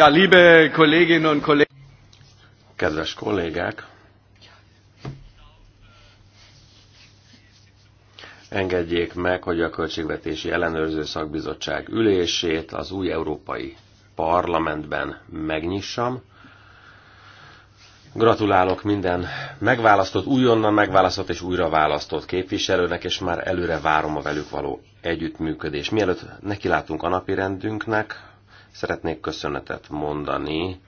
Ja, liebe Kolleginnen und Kollegen. Kedves kollégák, engedjék meg, hogy a Költségvetési Ellenőrző Szakbizottság ülését az új Európai Parlamentben megnyissam. Gratulálok minden megválasztott, újonnan megválasztott és újra választott képviselőnek, és már előre várom a velük való együttműködés. Mielőtt nekilátunk a napi rendünknek, Szeretnék köszönetet mondani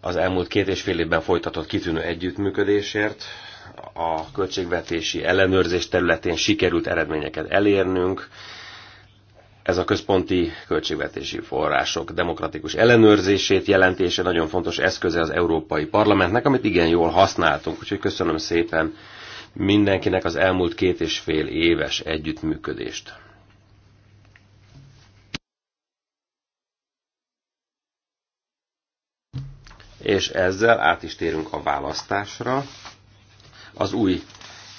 az elmúlt két és fél évben folytatott kitűnő együttműködésért. A költségvetési ellenőrzés területén sikerült eredményeket elérnünk. Ez a központi költségvetési források demokratikus ellenőrzését jelentése nagyon fontos eszköze az Európai Parlamentnek, amit igen jól használtunk. Úgyhogy köszönöm szépen mindenkinek az elmúlt két és fél éves együttműködést. És ezzel át is térünk a választásra. Az új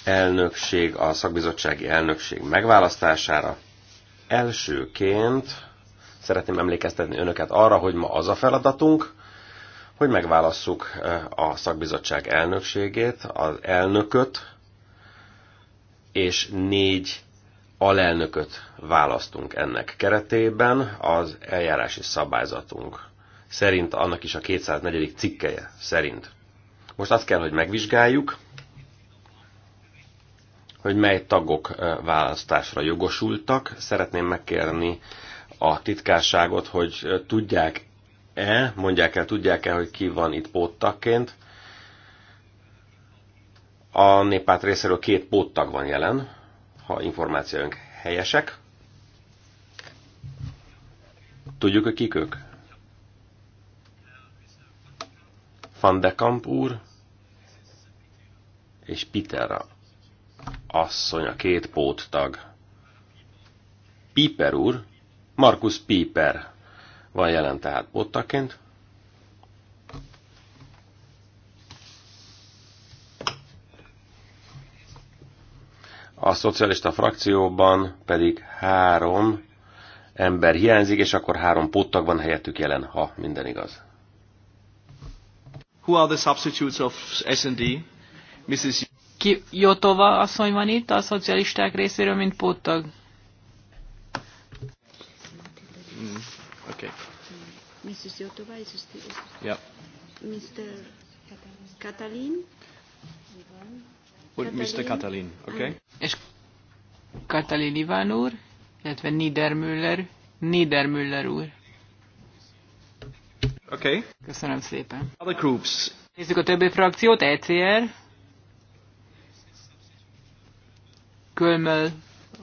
elnökség, a szakbizottsági elnökség megválasztására. Elsőként szeretném emlékeztetni önöket arra, hogy ma az a feladatunk, hogy megválasszuk a szakbizottság elnökségét, az elnököt, és négy alelnököt választunk ennek keretében az eljárási szabályzatunk szerint, annak is a 204. cikkeje szerint. Most azt kell, hogy megvizsgáljuk, hogy mely tagok választásra jogosultak. Szeretném megkérni a titkárságot, hogy tudják-e, mondják el, tudják-e, hogy ki van itt póttakként. A néppárt részéről két póttag van jelen, ha információink helyesek. Tudjuk, hogy kik ők? Van de Kamp úr és Pitera asszony, a két póttag. Piper úr, Markus Piper van jelen tehát pottaként. A szocialista frakcióban pedig három ember hiányzik, és akkor három pottag van helyettük jelen, ha minden igaz. Who are the substitutes of S&D? Mrs. Jotova asszony van itt a szocialisták részéről, mint póttag. Mm, okay. Mrs. Jotova is still... Yeah. Mr. Katalin. Katalin. Mr. Katalin, okay. És Katalin Iván úr, illetve Niedermüller, Niedermüller úr. Okay. Köszönöm szépen. Other groups. Nézzük a többi frakciót, ECR. Kölmel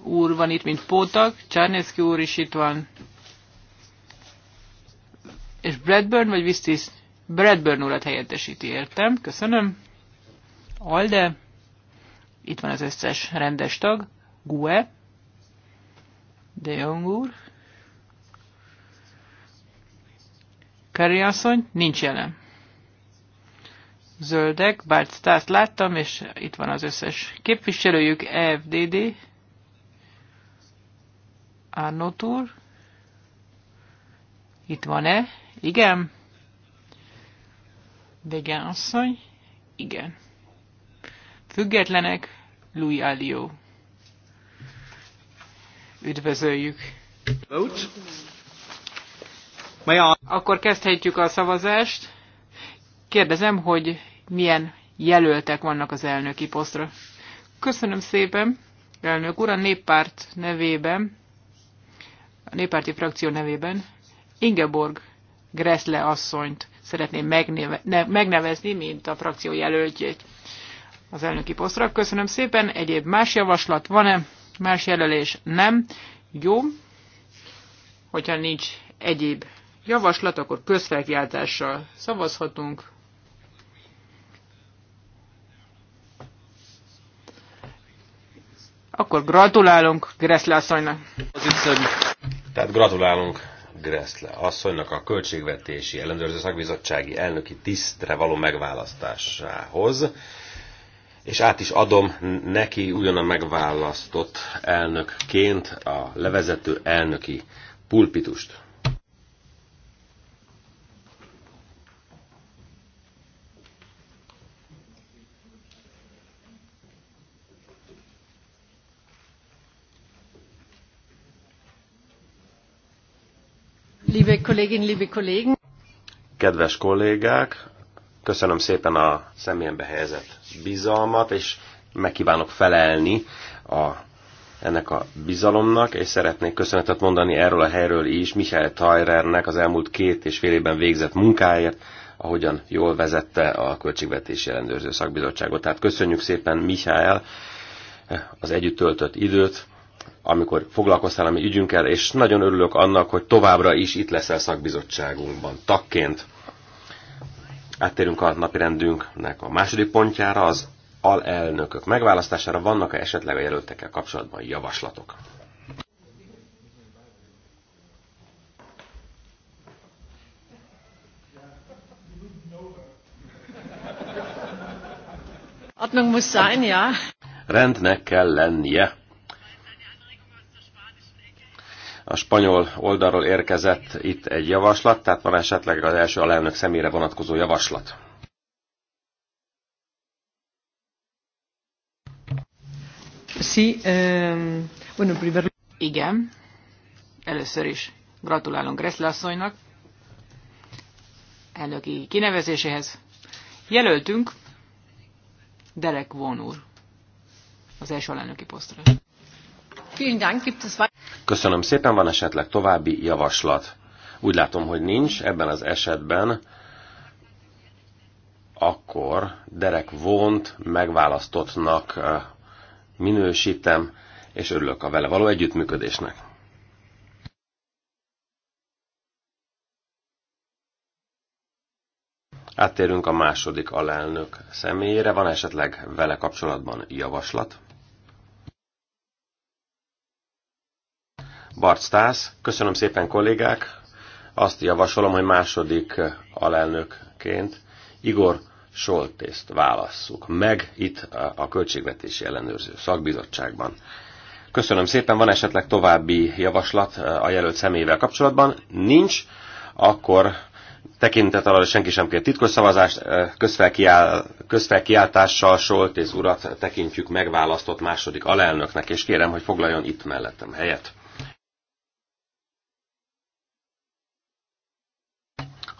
úr van itt, mint pótag, Csárneszki úr is itt van. És Bradburn, vagy Visztis? Bradburn urat helyettesíti, értem, köszönöm. Alde, itt van az összes rendes tag, Gue, De Jong úr, Kerry asszony nincs jelen. Zöldek, bár Stász láttam, és itt van az összes képviselőjük, EFDD, Arnotur, Itt van-e? Igen. Degen asszony. Igen. Függetlenek, Louis Alio. Üdvözöljük. Vote. May I akkor kezdhetjük a szavazást. Kérdezem, hogy milyen jelöltek vannak az elnöki posztra. Köszönöm szépen, elnök úr, a néppárt nevében, a néppárti frakció nevében Ingeborg Gressle asszonyt szeretném megneve, ne, megnevezni, mint a frakció jelöltjét az elnöki posztra. Köszönöm szépen. Egyéb más javaslat van-e? Más jelölés nem. Jó. Hogyha nincs egyéb javaslat, akkor közfelkiáltással szavazhatunk. Akkor gratulálunk Greszle asszonynak. Tehát gratulálunk Greszle asszonynak a Költségvetési Ellenőrző Szakbizottsági Elnöki tisztre való megválasztásához és át is adom neki ugyan megválasztott elnökként a levezető elnöki pulpitust. Kedves kollégák, köszönöm szépen a személyembe helyezett bizalmat, és megkívánok felelni a, ennek a bizalomnak, és szeretnék köszönetet mondani erről a helyről is Michael Tajrernek az elmúlt két és fél évben végzett munkáért, ahogyan jól vezette a Költségvetési Ellenőrző Szakbizottságot. Tehát köszönjük szépen Michael az együtt töltött időt, amikor foglalkoztál a mi ügyünkkel, és nagyon örülök annak, hogy továbbra is itt leszel szakbizottságunkban tagként. Áttérünk a napirendünknek a második pontjára, az alelnökök megválasztására. Vannak-e esetleg a jelöltekkel kapcsolatban javaslatok? Ordnung muss sein, ja. Rendnek kell lennie. a spanyol oldalról érkezett itt egy javaslat, tehát van esetleg az első alelnök személyre vonatkozó javaslat. Sí, um, bueno, primer... Igen, először is gratulálunk Gressle asszonynak elnöki kinevezéséhez. Jelöltünk Derek Von úr az első alelnöki posztra. Köszönöm szépen, van esetleg további javaslat. Úgy látom, hogy nincs, ebben az esetben akkor Derek Vont megválasztottnak eh, minősítem, és örülök a vele való együttműködésnek. Áttérünk a második alelnök személyére. Van esetleg vele kapcsolatban javaslat? Bart Stász. Köszönöm szépen kollégák. Azt javasolom, hogy második alelnökként Igor Soltészt válasszuk meg itt a Költségvetési Ellenőrző Szakbizottságban. Köszönöm szépen, van esetleg további javaslat a jelölt személyével kapcsolatban? Nincs, akkor tekintet arra, senki sem kér titkos szavazást, közfelkiáll, közfelkiáltással Soltész urat tekintjük megválasztott második alelnöknek, és kérem, hogy foglaljon itt mellettem helyet.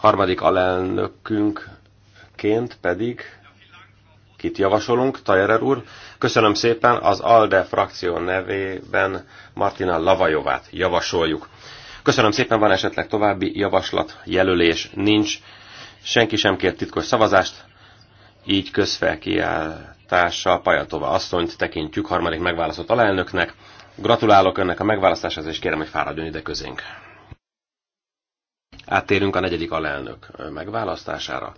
Harmadik alelnökünkként pedig kit javasolunk, Tajerer úr. Köszönöm szépen, az ALDE frakció nevében Martina Lavajovát javasoljuk. Köszönöm szépen, van esetleg további javaslat, jelölés nincs. Senki sem kért titkos szavazást, így közfelkiáltással Pajatova asszonyt tekintjük harmadik megválasztott alelnöknek. Gratulálok önnek a megválasztáshoz, és kérem, hogy fáradjon ide közénk. Áttérünk a negyedik alelnök megválasztására.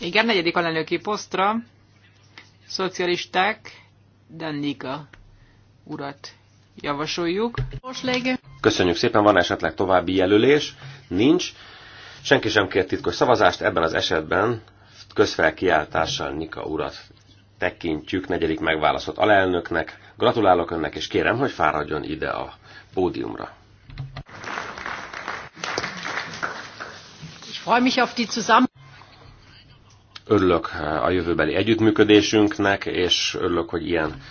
Igen, negyedik alelnöki posztra szocialisták Dannika urat javasoljuk. Köszönjük szépen, van esetleg további jelölés? Nincs. Senki sem kért titkos szavazást, ebben az esetben közfelkiáltással Nika urat tekintjük negyedik megválasztott alelnöknek. Gratulálok önnek, és kérem, hogy fáradjon ide a pódiumra. Örülök eh, a jövőbeli együttműködésünknek, és örülök, hogy ilyen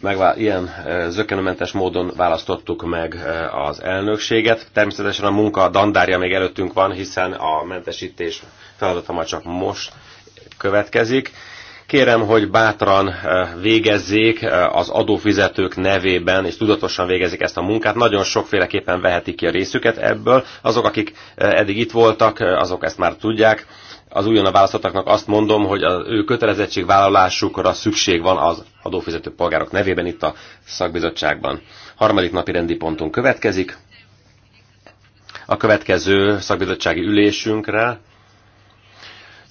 megvál, ilyen eh, zökkenőmentes módon választottuk meg eh, az elnökséget. Természetesen a munka dandárja még előttünk van, hiszen a mentesítés feladata már csak most következik, Kérem, hogy bátran eh, végezzék eh, az adófizetők nevében, és tudatosan végezzék ezt a munkát. Nagyon sokféleképpen vehetik ki a részüket ebből. Azok, akik eh, eddig itt voltak, azok ezt már tudják. Az újonnan választottaknak azt mondom, hogy az ő kötelezettségvállalásukra szükség van az adófizető polgárok nevében itt a szakbizottságban. Harmadik napi rendi pontunk következik. A következő szakbizottsági ülésünkre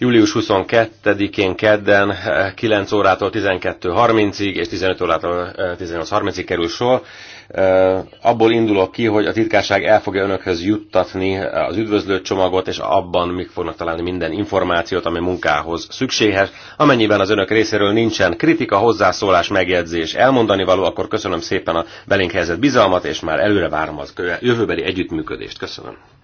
Július 22-én kedden 9 eh, órától 12.30-ig és 15 órától 18.30-ig eh, kerül sor. Eh, abból indulok ki, hogy a titkárság el fogja önökhöz juttatni az üdvözlő csomagot, és abban még fognak találni minden információt, ami munkához szükséges. Amennyiben az önök részéről nincsen kritika, hozzászólás, megjegyzés, elmondani való, akkor köszönöm szépen a belénk helyezett bizalmat, és már előre várom az jövőbeli együttműködést. Köszönöm.